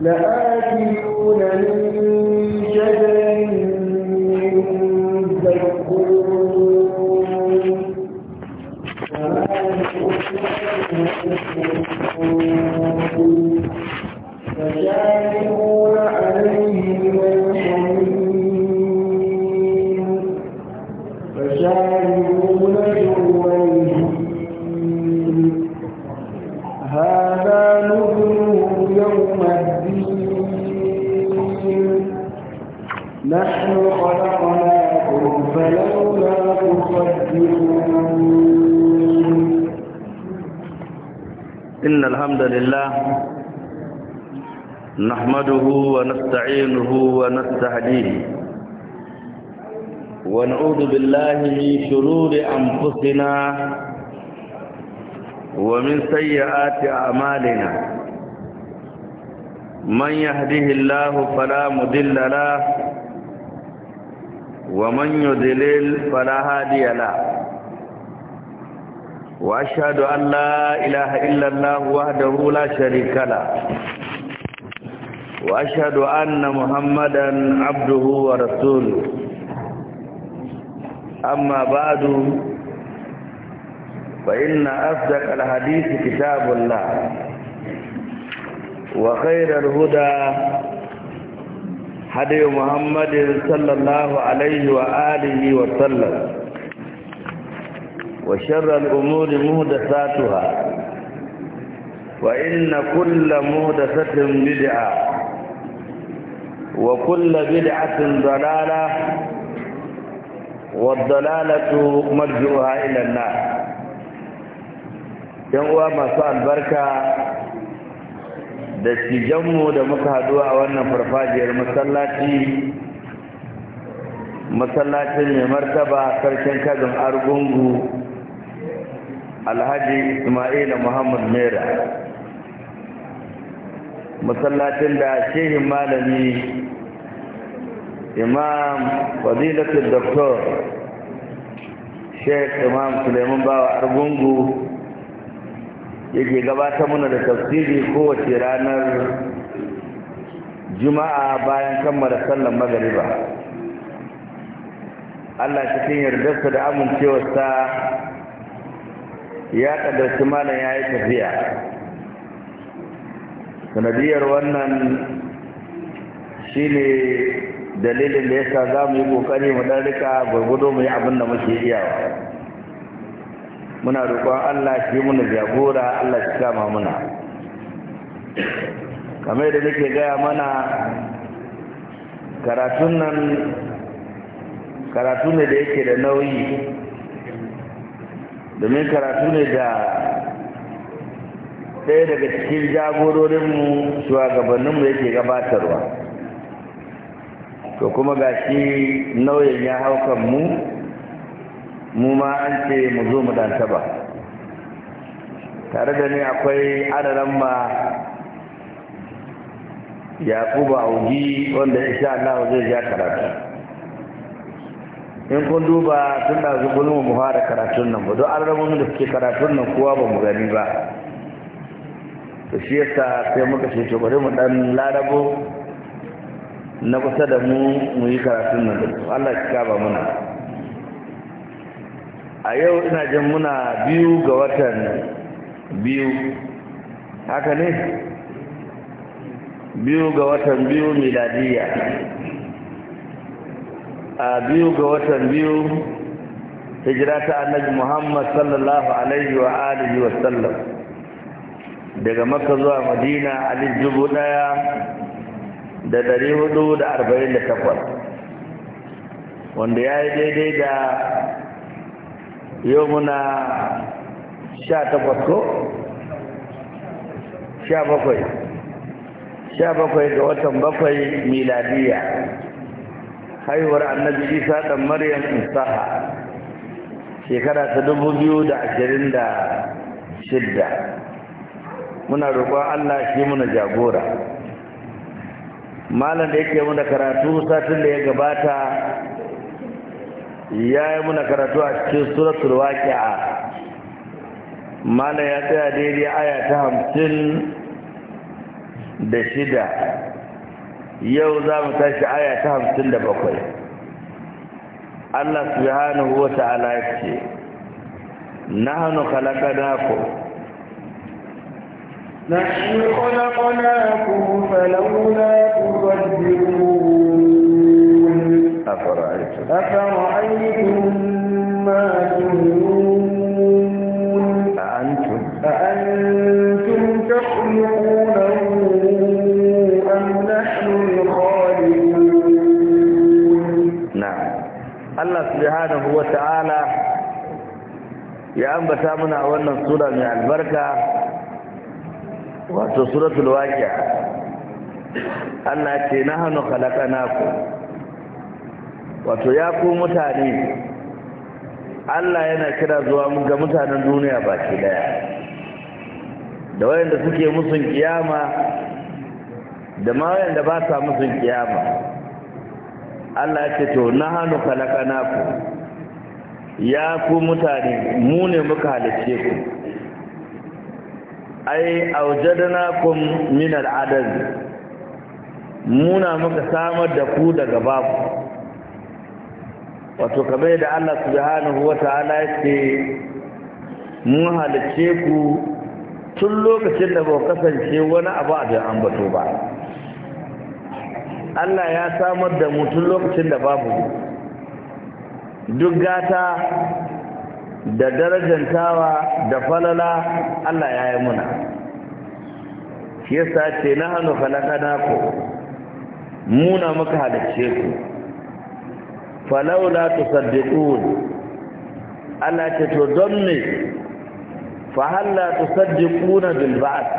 لآكلون من ونعوذ بالله من شرور أنفسنا ومن سيئات أعمالنا من يهده الله فلا مدل له ومن يدلل فلا هادي له وأشهد أن لا إله إلا الله وحده لا شريك له وأشهد أن محمدا عبده ورسوله أما بعد فإن أصدق الحديث كتاب الله وخير الهدى هدي محمد صلى الله عليه وآله وسلم وشر الأمور مهدساتها وإن كل مهدسة بدعة وكل بدعة ضلالة والضلالة مرجعها إلى النار ‘yan uwa masu albarka da cijanmu da muka haduwa a wannan farfajiyar masallaci masallacin mai martaba sarkin kazin argungu alhaji ismaila muhammad mera masallacin da shehin malami imam fadilatul doktor Sheikh imam suleiman bawa argungu yake gabatar mana da tafsiri kowace ranar juma'a bayan kammala sallar magariba allah cikin yardarsa da amincewarsa ya ƙaddarci malam ya yi tafiya sanadiyar wannan shine dalilin da yasa za mu yi kokari mu dan rika gurgudo mu yi abin da muke iyawa muna roƙon Allah shi muna jagora Allah shi kama muna kamar da nake gaya mana karatun nan karatu ne da yake da nauyi domin karatu ne da ɗaya daga cikin jagororinmu shugabanninmu yake gabatarwa to kuma ga shi nauyin ya haukan mu mu ma an ce mu zo mu danta ba tare da ni akwai adaran ma yakubu auji wanda sha Allah zai ja karatu in kun duba tun da zubulmu mu fara karatun nan ba don an rabu da suke karatun nan kowa ba mu gani ba to shi yasa sai muka ce to bari mu dan larabo na kusa da mu mu yi karatun nan da su Allah ki kaba muna a yau ina jin muna biyu ga watan biyu haka ne biyu ga watan biyu miladiya a biyu ga watan biyu hijira ta annabi muhammad sallallahu alaihi wa alihi wa sallam daga makka zuwa madina alif dubu daya da dari hudu da arba'in da takwas wanda ya yi daidai da yau muna sha takwas ko? sha bakwai sha bakwai ga watan bakwai miladiya haihuwar annabi isa dan maryam isaha shekara ta dubu biyu da ashirin da shidda muna roƙon allah shi muna jagora malam da yake muna karatu satin da ya gabata ya yi muna karatu a cikin suratul waqi'a malam ya tsaya daidai aya ta hamsin da shida yau za mu tashi aya ta hamsin da bakwai Allah subhanahu wa ta'ala ya ce nahnu khalaqnakum نحن خلقناكم فلولا تصدقون أفرأيتم أفرأيتم ما تهنون أأنتم أأنتم تخلقونه أم نحن الخالقون نعم الله سبحانه وتعالى يا أنبت منا أولا سورة من البركة wato suratul waqi'a Allah ce na hannu ku. wato ya ku mutane Allah yana kira zuwa ga mutanen duniya baki daya da wayanda suke musun kiyama da ma wayanda ba sa musun kiyama Allah ya ce to na hannu ku. ya ku mutane mu ne muka halice ku ai kum min al'adad muna muka samar da ku daga babu wato kamar da Allah subhanahu wata'ala yake mun halice ku tun lokacin da ba kasance wani abu a da ambato ba Allah ya samar da mu tun lokacin da babu duk gata da darajantawa da falala Allah ya yi muna shi sa ce na hannu falakana ku muna muka halicce ku falaula tusaddiqun Allah ce to don ne fa halla tusaddiquna bil ba'th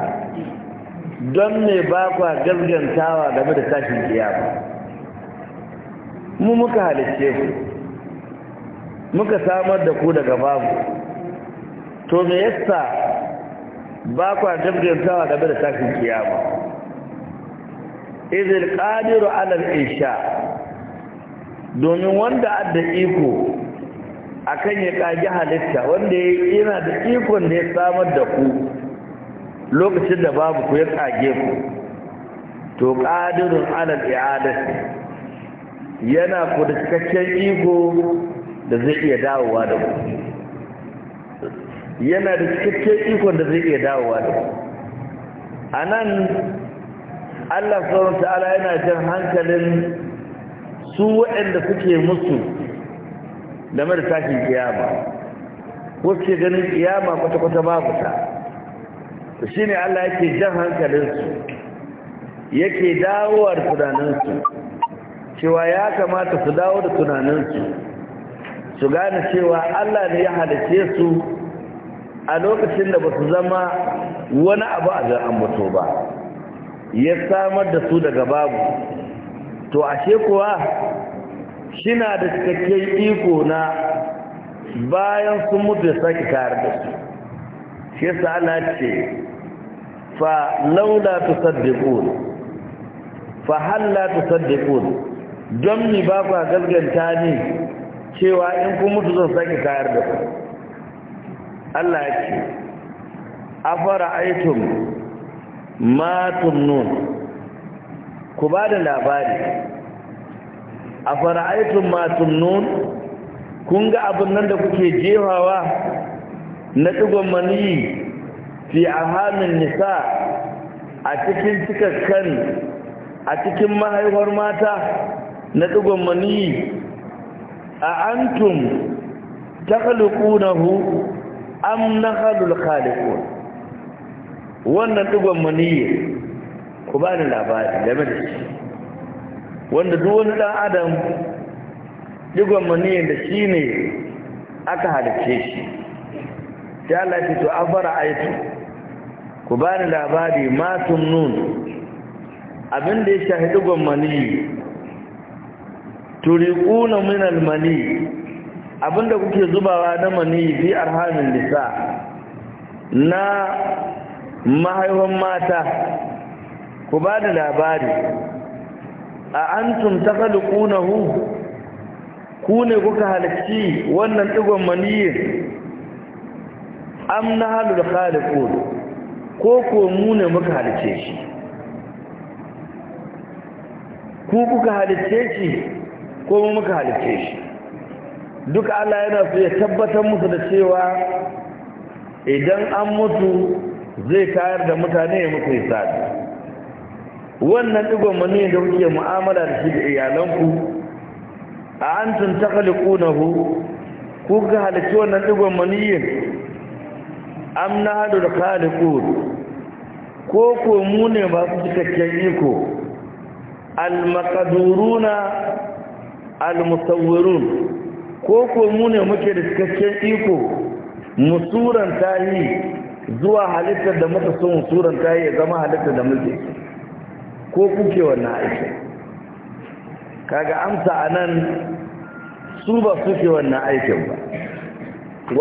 don ne ba ku gaskatawa game da tashin kiyama mu muka halicce ku muka samar da ku daga babu to me yasa ba kwa jabgantawa game da tashin kiyama izil qadiru ala isha domin wanda adda iko akan ya kaji halitta wanda yana da ikon da ya samar da ku lokacin da babu ku ya kage ku to qadirun ala i'adati yana ku cikakken iko da zai iya dawowa da ku yana da cikakken ikon da zai iya dawowa da ku a nan allah sauran ta'ala yana jan hankalin su waɗanda suke musu game da tashin kiyama ko suke ganin kiyama kwata-kwata babu ta shi ne allah yake jan hankalinsu yake dawowa da tunaninsu cewa ya kamata su dawo da tunaninsu su gane cewa Allah ne ya halice su a lokacin da ba su zama wani abu a zan mutu ba ya samar da su daga babu to ashe kuwa shina da cikakken iko na bayan sun mutu ya sake kayar da su shi sa Allah ce fa laula tusaddiqun fa halla tusaddiqun don ni ba ku gaskanta ne cewa in kun mutu zan sake kayar da ku Allah ya ce afara aitum ma nun ku ba da labari afara aitum ma nun kun ga abin nan da kuke jefawa na digon maniyi fi ahamin nisa a cikin cikakkan a cikin mahaifar mata na digon maniyi a antum takhluqunahu am na al-khaliqun wannan digon maniyyar ku bani labari game da shi wanda duk wani dan adam digon maniyyar da shine aka halice shi ya Allah ya to afara aitu ku bani labari ma nun, abin da ya shahi digon maniyyi turiquna min almani abinda kuke zubawa na mani bi arhamin nisa na mahaifan mata ku ba da labari a antum takhluqunahu ku ne kuka halicci wannan digon maniyin am nahalul khaliqun ko ko mu ne muka halicce shi ku kuka halicce shi ko muka halitta shi duk Allah yana so ya tabbatar musu da cewa idan an mutu zai kayar da mutane ya muku isa wannan digon mani da kuke mu'amala da shi da iyalanku a antum takhliqunahu ku ga halitta wannan digon maniyin am da kalikun ko ko mu ne masu cikakken iko al maqduruna al-musawwirun ko ko mu ne muke da cikakken iko musuran tahi zuwa halittar da muka so musuran tahi ya zama halittar da muke ko kuke wannan aiki kaga amsa anan su ba suke wannan aikin ba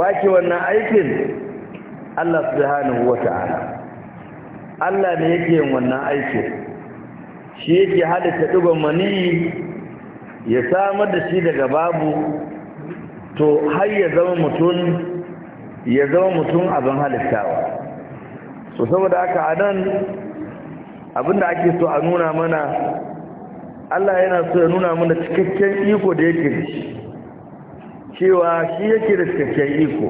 wake wannan aikin Allah subhanahu wata'ala Allah ne yake yin wannan aikin shi yake halitta duban mani ya samar da shi daga babu to har ya zama mutum ya zama mutum abin halittawa so saboda aka a nan abinda ake so a nuna mana Allah yana so ya nuna mana cikakken iko da yake da shi cewa shi yake da cikakken iko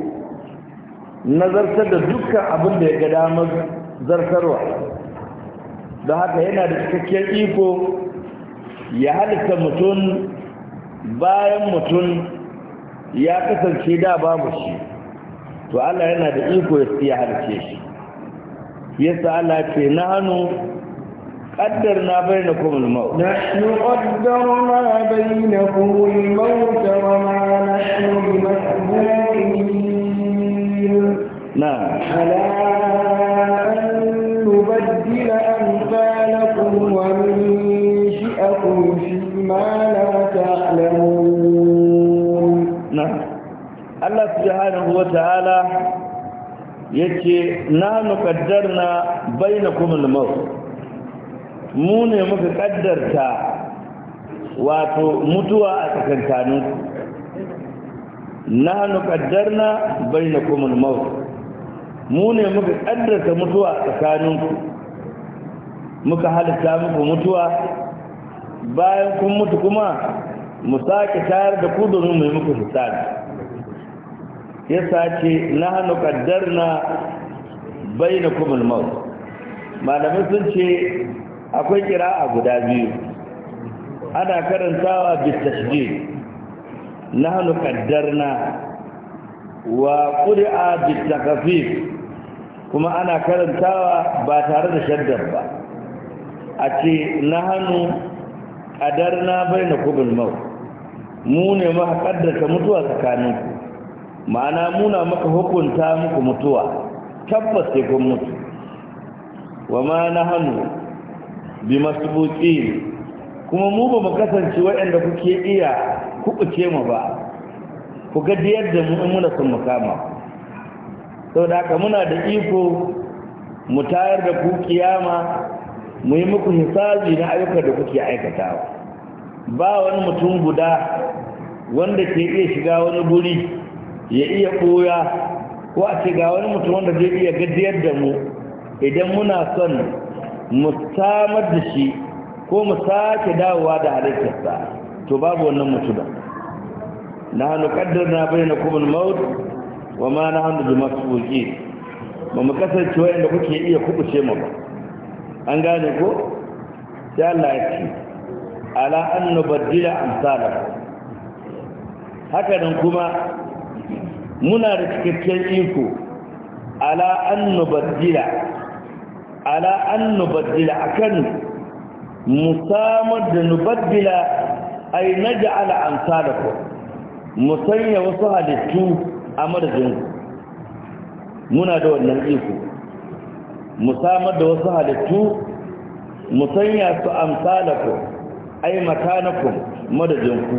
nazartar da dukkan abin da ya ga damar zartarwa da haka yana da cikakken iko ya halitta mutum bayan mutum ya kasance da babu shi to Allah yana da iko ya halice shi yasa Allah ce na hannu قدرنا بينكم الموت نحن قدرنا بينكم الموت وما نحن بمسبوقين نعم على أن نبدل أن Allah subhanahu wa ta'ala yace na bai na kuma limau, mu ne muka kaddarta wato mutuwa a tsakankanin na bai na kuma limau, mu ne muka kaddarta mutuwa a ku. muka halitta muku mutuwa bayan kun mutu kuma mu sake tayar da ku domin mu yi muku hisabi ya sace na hannu kaddar na bai na maut malamai sun ce akwai kira'a guda biyu ana karantawa bitashdi na hannu kaddar na wa ƙuri'a bitakafif kuma ana karantawa ba tare da shaddar ba a ce na hannu kaddar na bai na maut mu ne ma kaddarta mutuwa tsakaninku ma'ana muna maka hukunta muku mutuwa tabbas sai kun mutu wa ma nahnu bi masbuqin kuma mu ba mu kasance waɗanda kuke iya kuɓuce mu ba ku ga yadda mu muna sun mu kama da haka muna da iko mu tayar da ku kiyama mu yi muku hisabi na ayyukan da kuke aikatawa ba wani mutum guda wanda ke iya shiga wani guri ya iya koya ko a ce ga wani mutum wanda zai iya gajiyar da mu idan muna son mu samar da shi ko mu sake dawowa da halittarsa to babu wannan mutum na hannu kaddar na bayyana kuma maut wa ma na hannu da masu ba mu kasance wa inda kuke iya kubuce mu ba an gane ko sai Allah ya ce ala an amsalakum haka nan kuma muna da cikakken iko ala an nubaddila ala an nubaddila akan musamman da nubaddila ay naj'al amsalakum musanya wasu halittu a madadin muna da wannan iko musamman da wasu halittu musanya su amsalakum ay makanakum madadin ku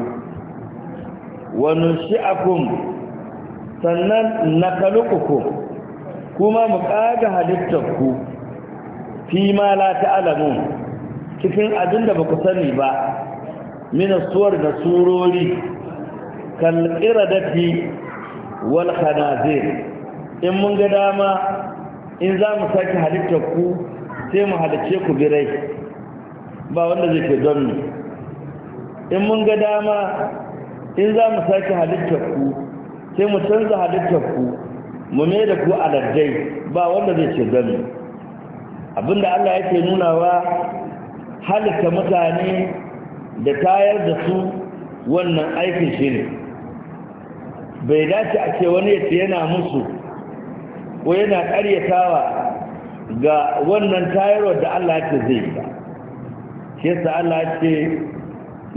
wa nushi'akum sannan na kalukuku kuma mu ƙaga halittarku fi ma la ta'alamu cikin abin da ba ku sani ba min suwar da surori kal iradati wal khanazir in mun ga dama in za mu sake halittarku sai mu halicce ku birai ba wanda zai ke don mu in mun ga dama in za mu sake halittarku sai mu canza halittar ku mu mai da ku aladdai ba wanda zai ce gami abinda Allah yake nunawa halitta mutane da tayar da su wannan aikin shi ne bai dace a ce wani yace yana musu ko yana ƙaryatawa ga wannan tayarwar da Allah yake zai yi ba shi yasa Allah ya ce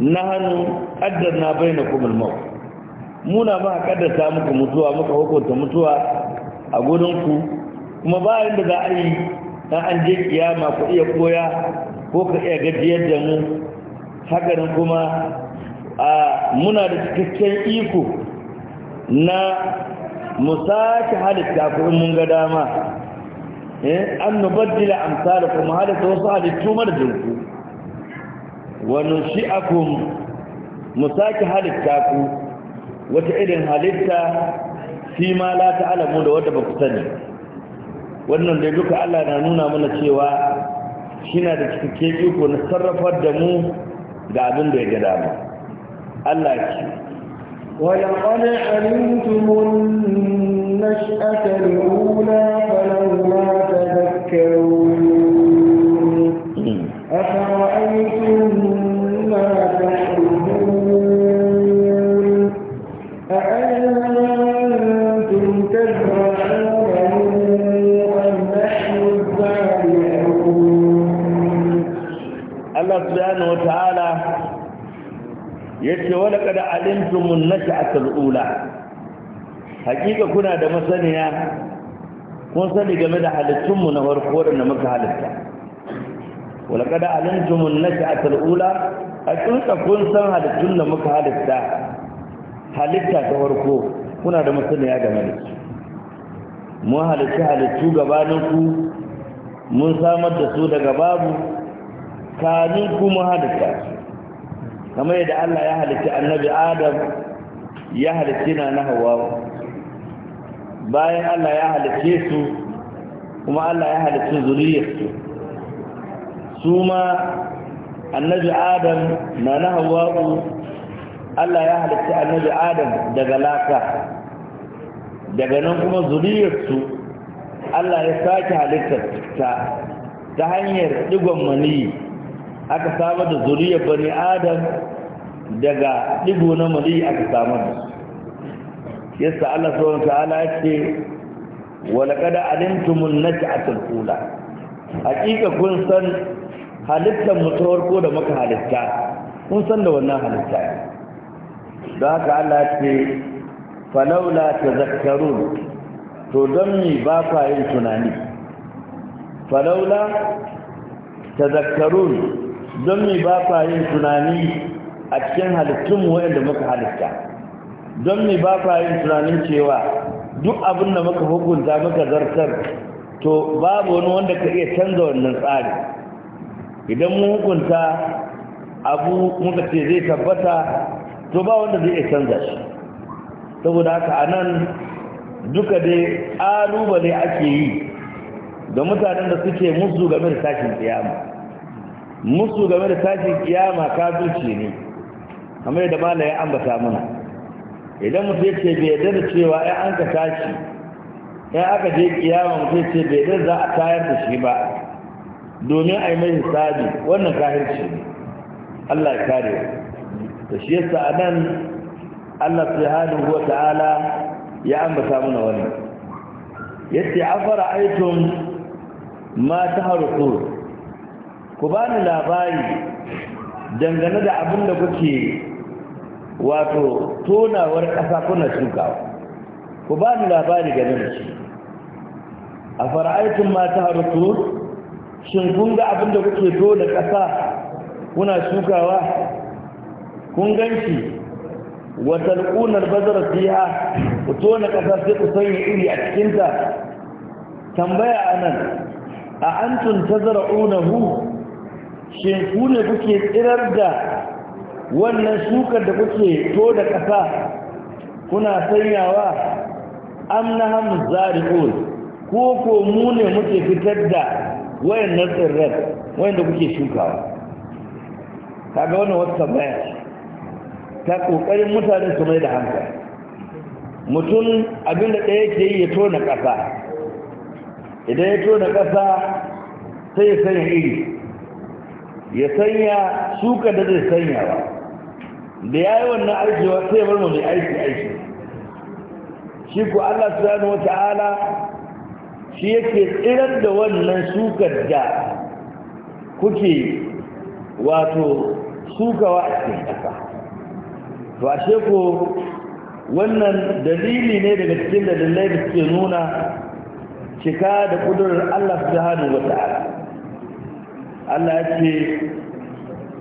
nahanu qaddarna bainakum al muna ba kaddasa muku mutuwa muka hukunta mutuwa a ku kuma ba yadda za a yi na an je kiyama ku iya koya ko ka iya gajiyar da mu nan kuma a muna da cikakken iko na musaki halitta ko in mun ga dama eh an nubaddila amsalakum halitta wasu halittu mara jinku wa nushi'akum musaki halitta ku wata irin halitta fi ma la ta'lamu da wata ba sani wannan dai duka Allah na nuna mana cewa shina da cikakken iko na sarrafar da mu ga abin da ya ga dama Allah ki ولقد علمتم ula الأولى فلولا tadhakkaru yace wala kada alimtumun nash'at al-ula hakika kuna da masaniya kun sani game da halittun mu na farko da muka halitta wala kad alimtumun nash'at a ula hakika kun san halittun da muka halitta halitta ta farko kuna da masaniya game da halittu mu halitta halittu gabanin ku mun samar da su daga babu kanin ku mu halitta su kamar yadda Allah ya halitta annabi Adam ya halitta na na Hawwa bayan Allah ya halitta su kuma Allah ya halitta zuriyarsu su ma annabi Adam na na Hawwa Allah ya halitta annabi Adam daga laka daga nan kuma zuriyarsu Allah ya sake halitta ta ta hanyar digon maniyi aka samar da zuriyar bani adam daga digo na mali aka samar da su yasa Allah subhanahu ta'ala ya ce wa laqad alimtumun nat'atul ula hakika kun san halittar mutuwar ko da muka halitta kun san da wannan halitta Da haka Allah ya ce falaula tazakkarun to don mi ba fa yin tunani falaula tazakkarun don mai ba fa yin tunani a cikin halittunmu waɗanda muka halitta don mai ba fa yin tunanin cewa duk abin da muka hukunta muka zartar to babu wani wanda ka iya canza wannan tsari idan mun hukunta abu muka ce zai tabbata to ba wanda zai iya canza shi saboda haka a nan duka dai ƙalubale ake yi ga mutanen da suke musu game da tashin tsiyama musu game da tashin kiyama kafirci ne kamar yadda mala ya ambata mana idan mutu ya ce bai yarda da cewa ya an ka tashi ya aka je kiyama mutu ya ce bai yarda za a tayar da shi ba domin a yi mai hisabi wannan kafirci ne Allah ya kare da shi yasa a nan Allah subhanahu wa ta'ala ya ambata mana wannan yace afara aitum ma taharutu ku ba ni labari dangane da abin da kuke wato tonawar ƙasa kuna shukawa ku ba ni labari game da shi a fara'aitun mata harutu shin kun ga abin da kuke tona ƙasa kuna shukawa kun ganci wata alƙunar bazara siya ku tona ƙasa sai ku sanya iri a cikinta tambaya anan a an tun zara'unahu shin ku ne kuke tsirar da wannan shukar da kuke to da ƙasa kuna sanyawa amnaham zari'un ko ko mu ne muke fitar da wayannan tsirran wayanda kuke shukawa kaga wannan wata tambaya ta kokarin mutane su mai da hankali mutum abinda ɗaya ke yi ya tona ƙasa idan ya tona ƙasa sai ya sanya iri ya sanya shuka da zai sanya ba da ya yi wannan wa sai bar mai aiki aiki shi ku Allah subhanahu wa ta'ala shi yake tsirar da wannan shukar da kuke wato shukawa a cikin ƙasa to a ko wannan dalili ne daga cikin dalilai da suke nuna cika da ƙudurar Allah subhanahu wa ta'ala Allah ya ce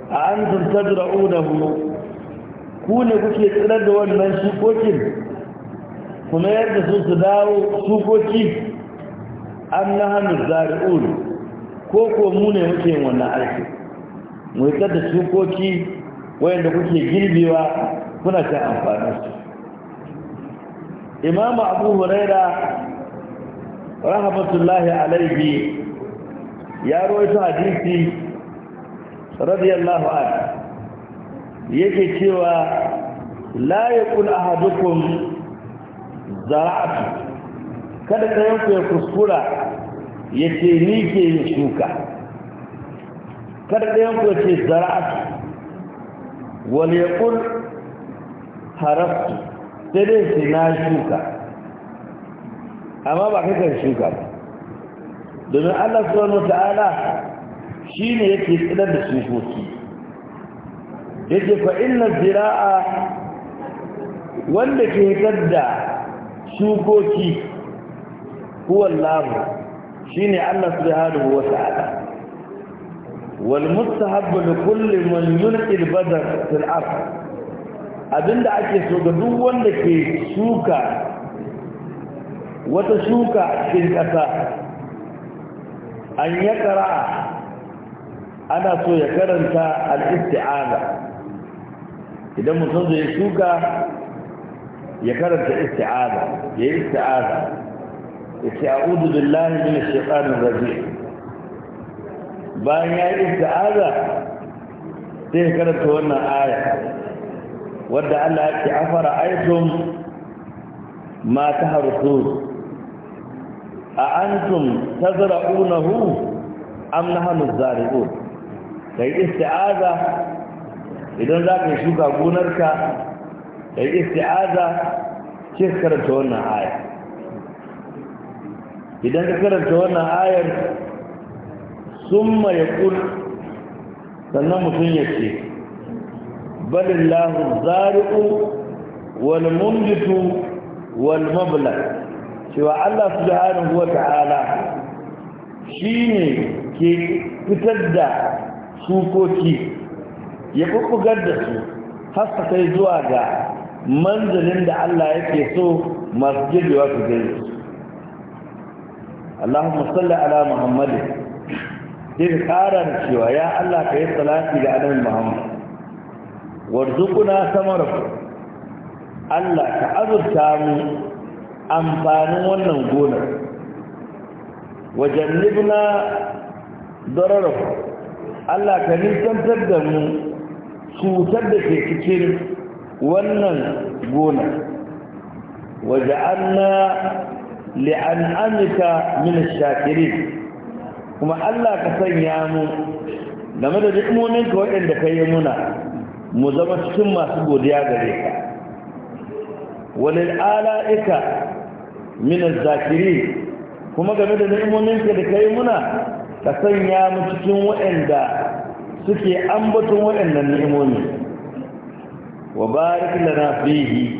a an da hu ku ne kuke tsirar da wannan shukokin kuma yadda su su dawo shukoki an na hannu zari'un ko ko mu ne muke yin wannan aiki mu tsirar da shukoki wayanda kuke girbewa kuna ta amfani su imamu abu huraira rahmatullahi alaihi ya rawaito hadisi radiyallahu anhu yake cewa la yaqul ahadukum zara'atu kada ka ku ya kuskura ya ce ni ke yin shuka kada ka ku ya ce zara'atu wal kun harastu sai dai na shuka amma ba kai kan shuka ba domin Allah subhanahu ta'ala shi ne yake tsirar da shukoki yake fa'in zira'a wanda ke hitar da shukoki huwan lamu shi ne Allah subhanahu wa ta'ala والمستحب لكل من يلقي البذر في الارض abinda ake so ga duk wanda ke shuka wata shuka cikin ƙasa an ya ƙara'a ana so ya karanta al'isti'aza idan mutum zai shuka ya karanta isti'ada, ya yi isti'aza ya ce a'udu billahi min shekarun rabi bayan ya yi isti'aza sai ya karanta wannan aya wadda Allah ya ce afara aikin ma ta a antum tazra'unahu am nahnu zari'un kai isti'aza idan za ka shuka gonarka kai isti'aza ce karanta wannan aya idan ka karanta wannan ayar summa yaqul sannan mutum ya ce balillahu zari'u wal munbitu wal mablag cewa Allah subhanahu wa ta'ala shine ke fitar da sukoki ya kukkugar da su hasta kai zuwa ga manzalin da Allah yake so masu girbewa su gare su Allahumma salli ala Muhammad din ka ƙara da cewa ya Allah ka yi salati ga annabi Muhammad warzuquna samarakum Allah ka azurta mu amfanin wannan gona, wajen libna dararrafa Allah ka nisantar da mu cutar da ke cikin wannan gona waje an na li'an'amika min shakiri kuma Allah ka sanya mu game da ni'imominka waɗanda ka yi muna mu zama cikin masu godiya gare ka walil ala'ika Mina zakiri kuma game da ni'imominka da kai muna ka sanya mu cikin waɗanda suke ambaton waɗannan ni'imomi wa barik lana fihi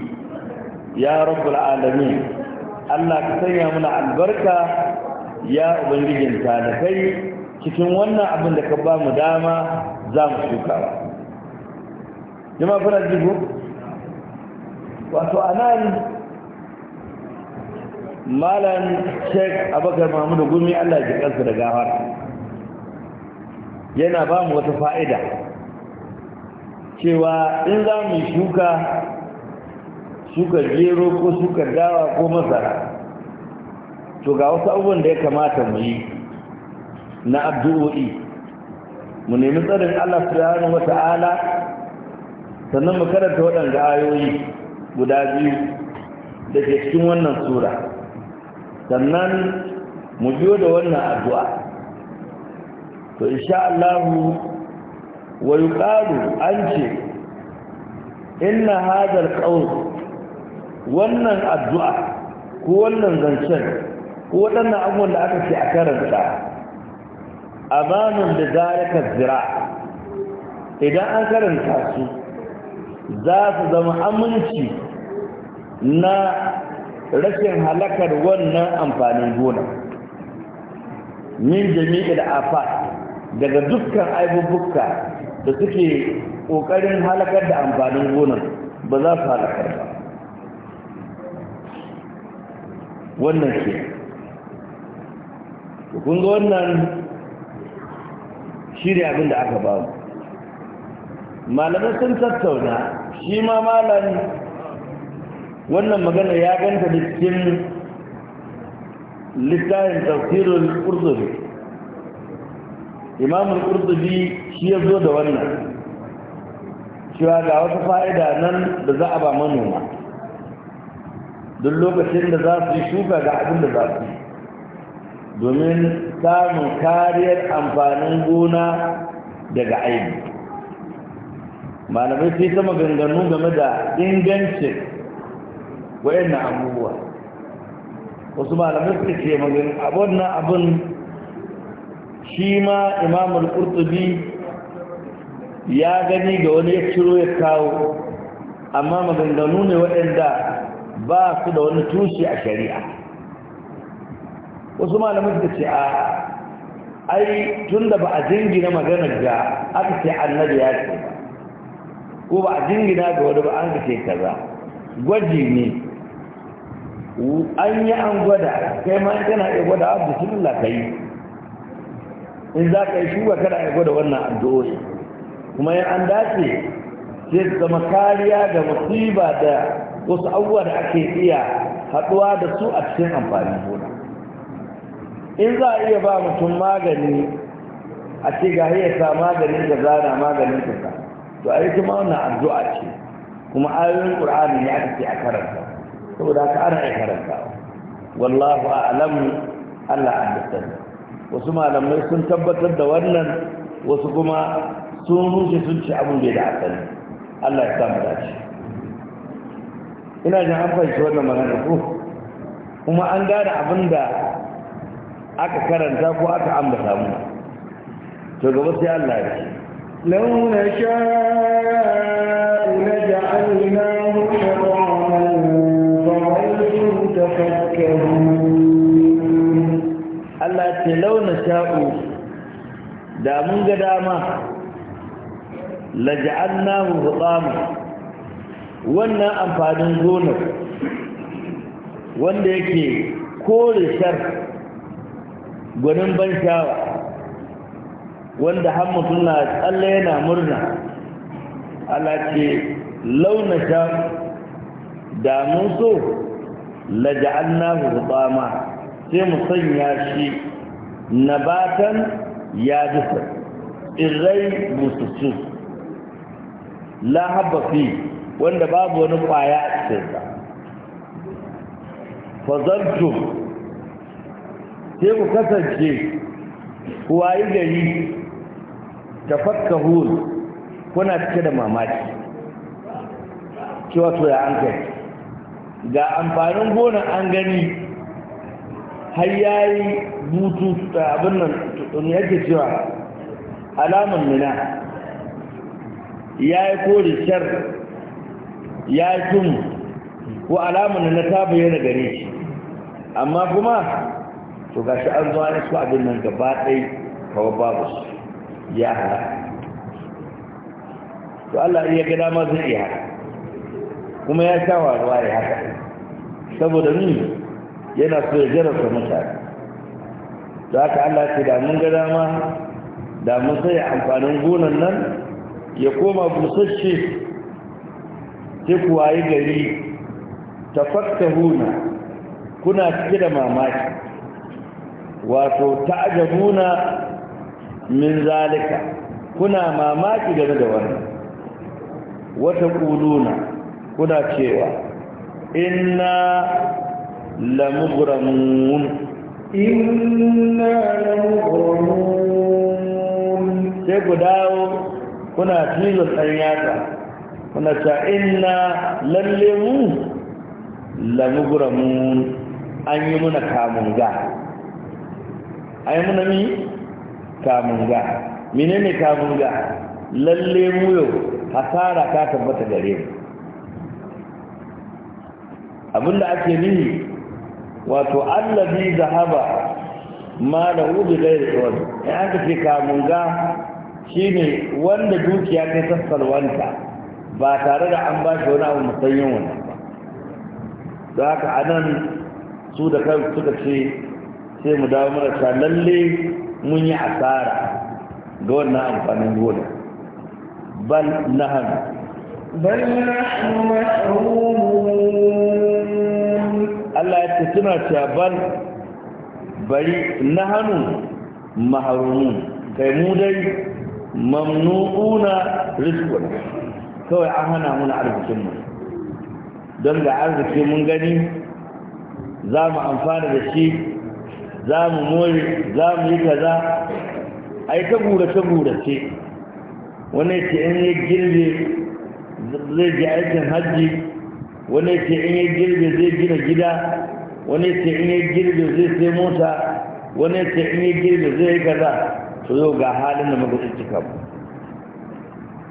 ya rabbul alamin Allah ka sanya muna albarka ya ubangijin talakai cikin wannan abin da ka ba mu dama za mu shuka ba jama'a fara jibu? wato anan malam sheik abakar mahmudu gumi allah ji kansa da gawar yana ba mu wata fa'ida cewa in za mu shuka shukar gero ko shukar dawa ko masara to ga wasu abubuwan da ya kamata mu yi na abdu'o'i mu nemi tsarin allah subhanahu wa ta'ala sannan mu karanta waɗanda ayoyi guda biyu da ke cikin wannan tsura. sannan mu biyo da wannan addu'a to insha Allah wa yuqalu an ce inna hadha alqawl wannan addu'a ko wannan zancen ko waɗannan abubuwan da aka ce a karanta amanun da zalika zira idan an karanta su za su zama aminci na rashin halakar wannan amfanin gona min da afa daga dukkan aibubuka da suke ƙoƙarin halakar da amfanin gonar ba za su halakar ba wannan ke kun ga wannan shirya abin da aka ba mu malamai sun tattauna shi ma malam wannan magana ya ganta da cikin littafin tafsirul qurtubi imamul qurtubi shi ya zo da wannan cewa ga wasu fa'ida nan da za a ba manoma duk lokacin da za su yi shuka ga abin da za su domin samun kariyar amfanin gona daga aiki, malamai sai ta maganganu game da ingancin na abubuwa wasu malamai suka ce abun abin abin shi ma imamul kurtubi ya gani ga wani ya ciro ya kawo amma maganganu ne waɗanda ba su da wani tushe a shari'a wasu malamai suka ce a ai tun da ba a jingina maganar ga aka ce annabi ya ce ko ba a jingina ga wani ba an ka ce kaza gwaji ne an yi an gwada kai ma in kana iya gwada abu sun ka in za ka yi shuka kana iya gwada wannan addu'o'i kuma in an dace sai zama kariya da musiba da wasu abubuwa da ake iya haɗuwa da su a cikin amfanin gona in za a iya ba mutum magani a ce ga ya sa maganin da zana maganin ka to a yi kuma wannan addu'a ce kuma ayoyin ƙur'ani ne aka ce a karanta saboda ka ana iya karanta wallahu a'lam Allah addatan wasu malamai sun tabbatar da wannan wasu kuma sun rushe sun ci abin da da asali Allah ya samu dace ina jin an fahimci wannan magana ko kuma an gane abin da aka karanta ko aka ambata mu to gaba sai Allah ya ce launa sha'a ce launa sha'u da mun ga dama laja'anna mu hutsamu wannan amfanin gonar wanda yake kore shar gwanin ban sha'awa wanda har na tsalle yana murna ala ce launa sha'u da mun so laja'anna mu hutsama sai mu sanya shi nabatan ya jisa tsirrai musassu la haɓa wanda babu wani kwaya a cikinsa fazantum sai ku kasance kuwayi gari ta fakka hulu kuna cike da mamaki cewa to ya an kai ga amfanin gonan an gani har ya yi butu da abin nan yake cewa alamun mina ya yi kori shar ya yi tun ko alamun na ta bayyana gare shi amma kuma to ga shi an zuwa ne su abin nan gaba ɗai kawai babu su ya hara to Allah iya gada ma zai iya kuma ya sha wa ruwa ya haka saboda nuni yana so ya jarabta mutane za haka Allah ce da mun ga dama da mun sai amfanin gonan nan ya koma busasshe sai ku ta gari huna, kuna cike da mamaki wato huna min zalika kuna mamaki game da wani. wata kuluna kuna cewa inna لمغرمون إنا لمغرمون سيكو داو كنا تيزو الثانياتا كنا سإنا للمون لمغرمون أن يمنا كامنغا أن يمنا مي كامنغا منين كامنغا lalle mu yau hasara ta tabbata gare abinda ake nini wato allazi zahaba ma da hudu gairi ya in ga. ka ce shine wanda dukiya ta sassalwanta ba tare da an ba shi wani abu musanyen wannan da haka anan su da kan suka ce sai mu dawo marasa lalle mun yi asara ga wannan amfanin gona bal nahan bal nahnu mahrumun Allah ya ce suna tabar bari na hannu maharumu kai mu dai mamnu'una rizqun kawai an hana mu arzikin mu don ga arziki mun gani za mu amfana da shi za mu more za mu yi kaza ai ta gura ta gura ce ce in ya girbe zai je aikin hajji wani ce in ya girbe zai gina gida wani ce in ya girbe zai sai mota wani ce in ya girbe zai yi kaza to yau ga halin da muka tsinci kanmu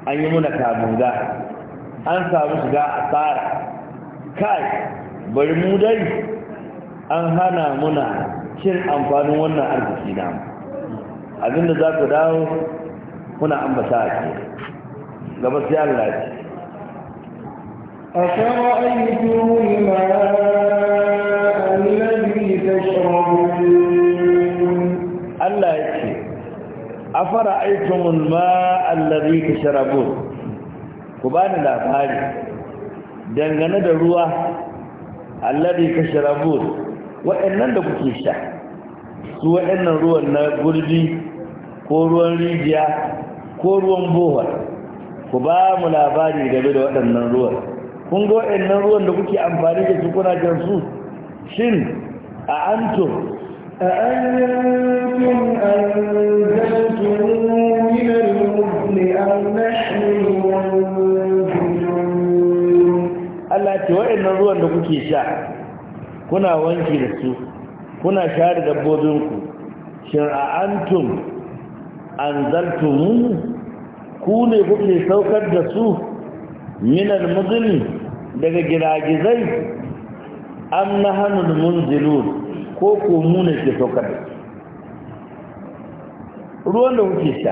an yi muna ga an samu shiga asara kai bari mu dai an hana muna cin amfanin wannan arziki namu abinda za ku dawo kuna ambata a ke gaba sai Allah ce أفرأيتم الماء الذي تشربون الله يكفي أفرأيتم الماء الذي تشربون كبان dangane da ruwa alladhi kashrabun wa'annan da kuke sha su waɗannan ruwan na gurbi ko ruwan rijiya ko ruwan bohol ku ba mu labari game da waɗannan ruwan kun ga waɗannan ruwan da kuke amfani da su kuna jan su shin a anto a antum Allah ce waɗannan ruwan da kuke sha kuna wanki da su kuna share dabbobinku shin a antum anzaltum ku ne kuke saukar da su minal muzulmi daga giragizai am na hannun munzilun ko ko muna ke saukar ruwan da kuke sha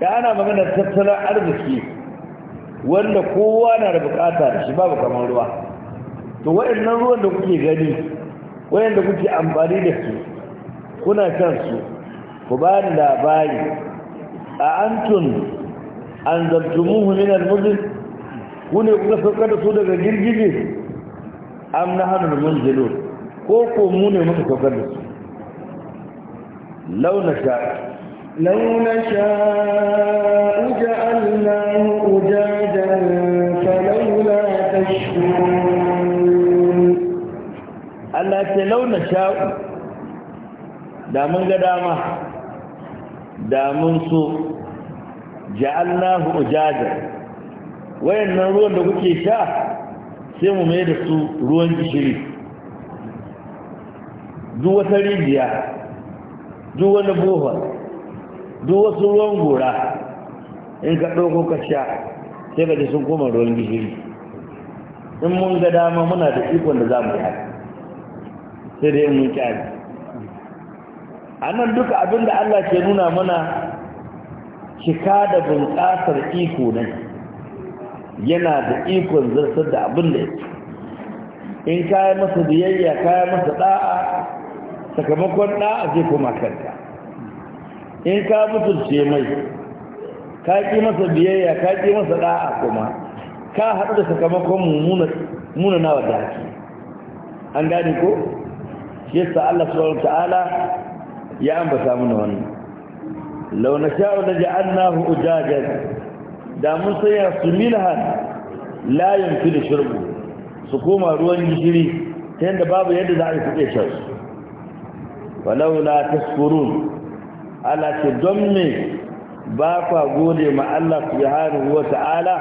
da ana magana tattalin arziki wanda kowa na da bukata da shi babu kamar ruwa to waɗannan ruwan da kuke gani da kuke amfani da su kuna shan su ku ba da labari a antun an zartumuhu minar muzin ku ne kuka sauka da su daga girgiji am na hannun manzilun ko ko mu ne muka saukar da su launa sha launa sha uja ujajan falaula shi. Allah ce launa sha'u da mun ga dama da mun so ja'alnahu ujajan wayannan ruwan da kuke sha sai mu mai da su ruwan gishiri duk wata rijiya duk wani bohol duk wasu ruwan gora in ka ɗauko ka sha sai ka ji sun koma ruwan gishiri in mun ga dama muna da ikon da za mu yi haka sai dai mun kyari a nan duka abin da Allah ke nuna mana cika da bunƙasar iko nan yana da ikon zartar da abin da yake in kayan masa biyayya kayan masa da'a sakamakon da'a zai koma kanka in ka mutunce mai ka ƙi masa biyayya ka ƙi masa da'a kuma ka haɗu da sakamakon muna na wadda ake an gani ko yasa Allah subhanahu ta'ala ya ambata mana wannan law nasha'u laja'alnahu ujajan da mun saya su milhan la yumkinu shirbu su koma ruwan gishiri ta yadda babu yadda za a yi kuɗe shan su walau la tashkurun ala ce don me ba kwa gode ma Allah subhanahu wa ta'ala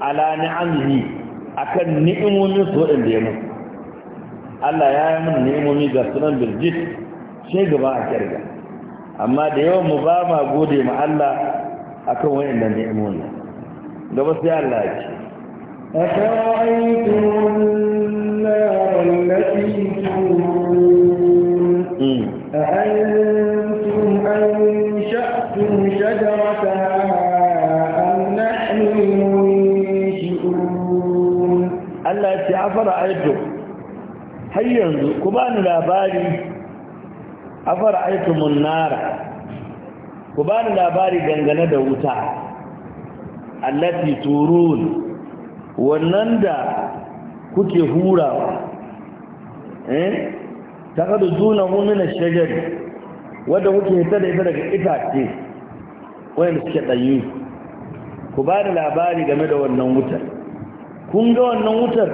ala ni'amihi akan ni'imomi su waɗanda ya mutu Allah ya yi mun ni'imomi ga sunan birjit shi gaba a kirga amma da yawan mu ba ma gode ma Allah akan وين ni'imomi لو sai Allah الله أفرأيتم النار التي تورون أأنتم أنشأتم شجرتها أم نحن المنشئون الله يتي أفرأيتم هيا كبان لاباري أفرأيتم النار ku ba ni labari dangane da wuta allati turun wannan da kuke hurawa eh ta kada zuna hunin shajari wadda kuke hita da ita daga itace wadda suke ɗanyu ku ba ni labari game da wannan wutar kun ga wannan wutar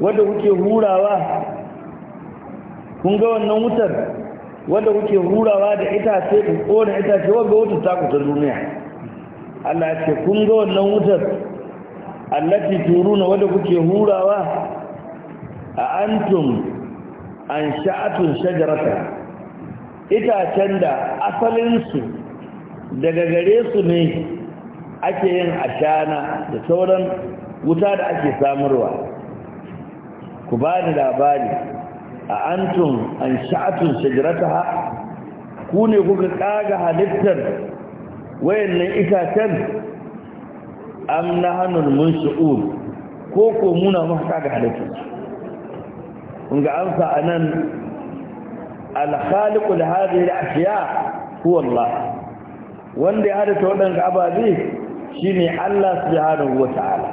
wadda kuke hurawa kun ga wannan wutar wanda kuke hurawa da itace in kona itace wanda wutar ta ku duniya Allah ya ce kun ga wannan wutar allati turuna wanda kuke hurawa a antum an sha'atun shajarata itacen da asalinsu daga gare su ne ake yin ashana da sauran wuta da ake samarwa ku bani ni labari a antum an sha'atun shajarataha ku ne kuka kaga halittar wayannan itacen am mun munshi'un ko ko muna muka kaga halittar kun ga amsa anan al-khaliqu li hadhihi al ashiya huwa Allah wanda ya hada ta wadannan ababe shine Allah subhanahu wa ta'ala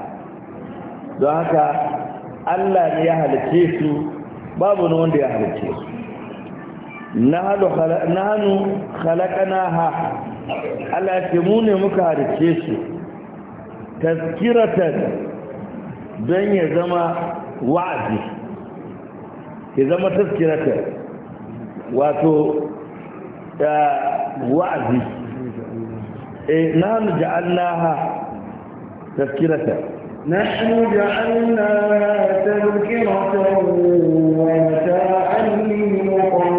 don haka Allah ne ya halice su babu ne wanda ya halicce na hannu khalaqana ha Allah mu ne muka halicce su taskiratar don ya zama wa'azi ya zama taskiratar wato wa'azi eh na ha taskiratar نحن جعلناها تذكرة ومتاعا للمقيم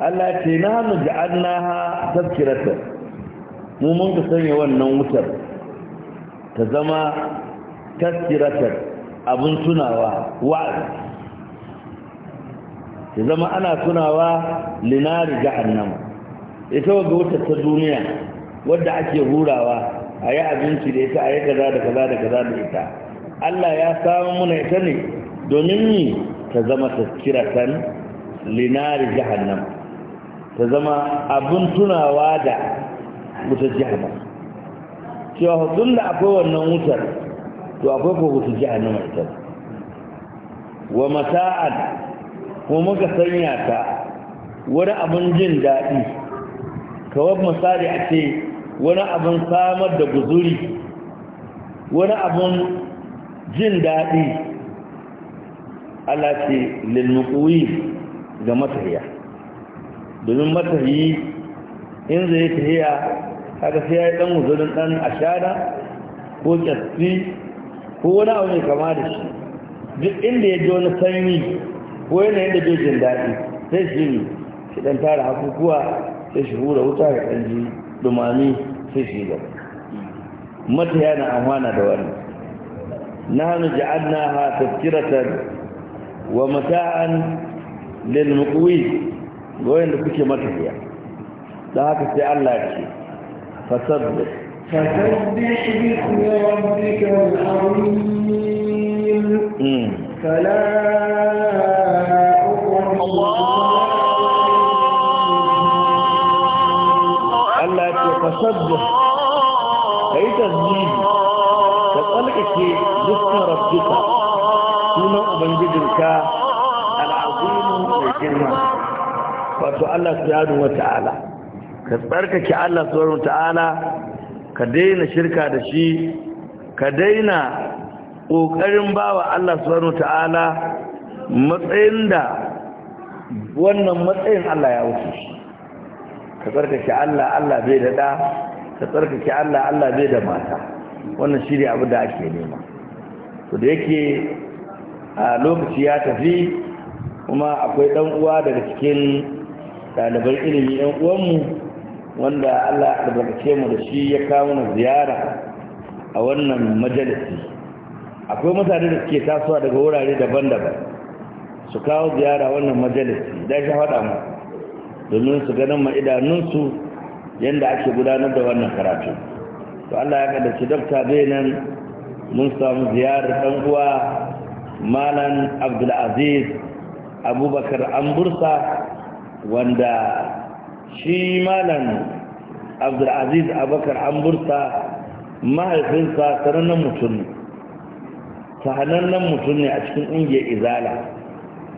Allah ce na hannu ja'annaha tazkiratan mu mun ka sanya wannan wutar ta zama tazkiratan abin tunawa wa'azi ta zama ana tunawa linari jahannama ita wadda wutar ta duniya wadda ake hurawa a yi abinci da ita a yi kaza da kaza da kaza da ita Allah ya samu muna ita ne domin ni ta zama tazkiratan linari jahannam ta zama abin tunawa da wutar jahannam cewa hudun da akwai wannan wutar to akwai ko wutar jahannam ita wa mata'an kuma muka sanya ta wani abin jin daɗi kawai misali a ce wani abin samar da guzuri wani abin jin daɗi Allah ce lilmukuyi ga matariya domin matahiyi in zai tahiya haka sai ya yi ɗan guzurin ɗan ashada ko ƙyasfi ko wani abu mai kama da shi duk inda ya ji wani sanyi ko yadda ji jin daɗi sai shi ne shi ɗan tara hakukuwa sai shi hura wuta ga ɗan ji dumami sai shi gaba mata na amfana da wannan nahnu ha tafkiratar wa mata'an lil muqwi goyen da kuke mata biya haka sai Allah ya Fasar da fasabbih bi tabbatar da ka yi tarbiyyar ka tsarkake dukkan rafika sunan ubangijinka al'azimin mai girma wato Allah su yadu wa ta'ala ka tsarkake Allah ta'ala ka daina shirka da shi ka daina ƙoƙarin bawa wa Allah ta'ala matsayin da wannan matsayin Allah ya wuce ka tsarkake Allah Allah bai da ɗa ka tsarkake Allah Allah bai da mata wannan shi abu da ake nema to da yake a lokaci ya tafi kuma akwai ɗan uwa daga cikin ɗaliban ilimi ɗan uwanmu wanda Allah albarkace mu da shi ya kawo mu ziyara a wannan majalisi akwai mutane da suke tasowa daga wurare daban-daban su kawo ziyara wannan majalisi da shi faɗa mu domin su ganin ma yadda ake gudanar da wannan karatu to Allah ya ci dokta zai nan mun samu ziyarar dan uwa malam abdulaziz abubakar Abubakar Ambursa wanda shi malam abdulaziz abubakar Abubakar Ambursa mahaifinsa sanannen mutum sanannen mutum ne a cikin ƙungiyar Izala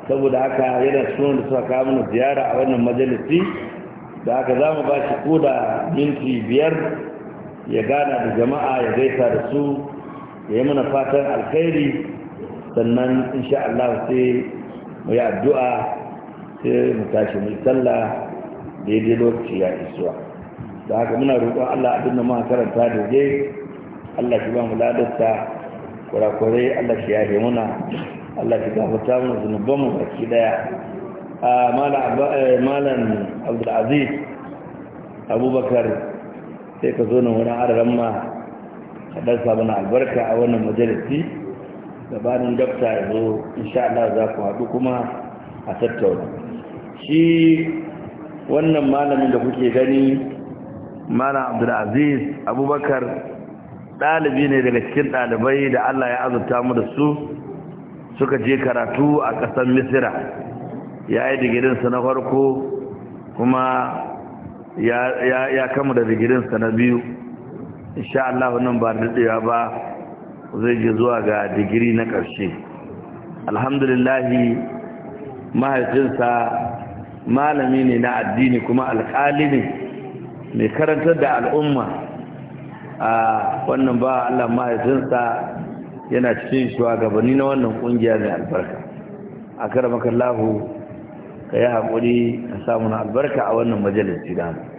saboda haka yana sunan da suka kawo mana ziyara a wannan majalisi da haka za mu ba shi koda minti biyar ya gana da jama'a ya gaisa da su ya yi mana fatan alkhairi sannan insha Allah sai mu yi addu'a sai mu tashi mu sallah daidai lokaci ya isuwa da haka muna roƙon Allah abin da muka karanta je Allah shi ba mu ladarta kurakurai Allah shi yahe muna Allah ya gafarta mu zunuban mu baki daya malam eh, Abdul aziz abubakar sai ka zo nan wani arran ma ka ɗansa bana albarka a wannan majalisi gabanin dabta ya zo insha Allah za ku haɗu kuma a tattauna shi wannan malamin da kuke gani malam Abdul aziz abubakar ɗalibi ne daga cikin ɗalibai da Allah ya azurta mu da su suka je karatu a ƙasar misira ya yi digirinsa na farko kuma ya kama da digirinsa na biyu insha Allah nan ba daɗewa ba zai je zuwa ga digiri na ƙarshe alhamdulillahi mahaifinsa malami ne na addini kuma alƙali ne mai karantar da al'umma a wannan ba Allah mahaifinsa yana cikin shugabanni na wannan kungiya mai albarka a karamaka lahu ka yi haƙuri ka samu na albarka a wannan majalis idan